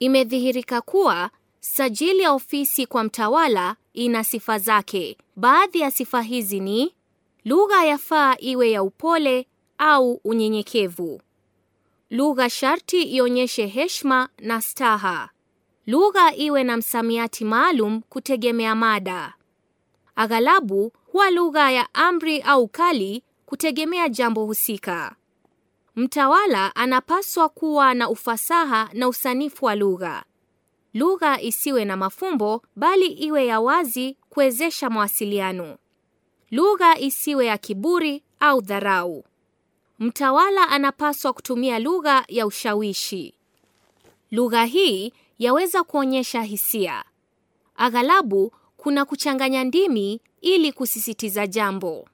Imedhihirika kuwa sajili ya ofisi kwa mtawala ina sifa zake. Baadhi ya sifa hizi ni: lugha yafaa iwe ya upole au unyenyekevu, lugha sharti ionyeshe heshima na staha, lugha iwe na msamiati maalum kutegemea mada. Aghalabu huwa lugha ya amri au kali kutegemea jambo husika. Mtawala anapaswa kuwa na ufasaha na usanifu wa lugha. Lugha isiwe na mafumbo bali iwe ya wazi kuwezesha mawasiliano. Lugha isiwe ya kiburi au dharau. Mtawala anapaswa kutumia lugha ya ushawishi. Lugha hii yaweza kuonyesha hisia. Aghalabu kuna kuchanganya ndimi ili kusisitiza jambo.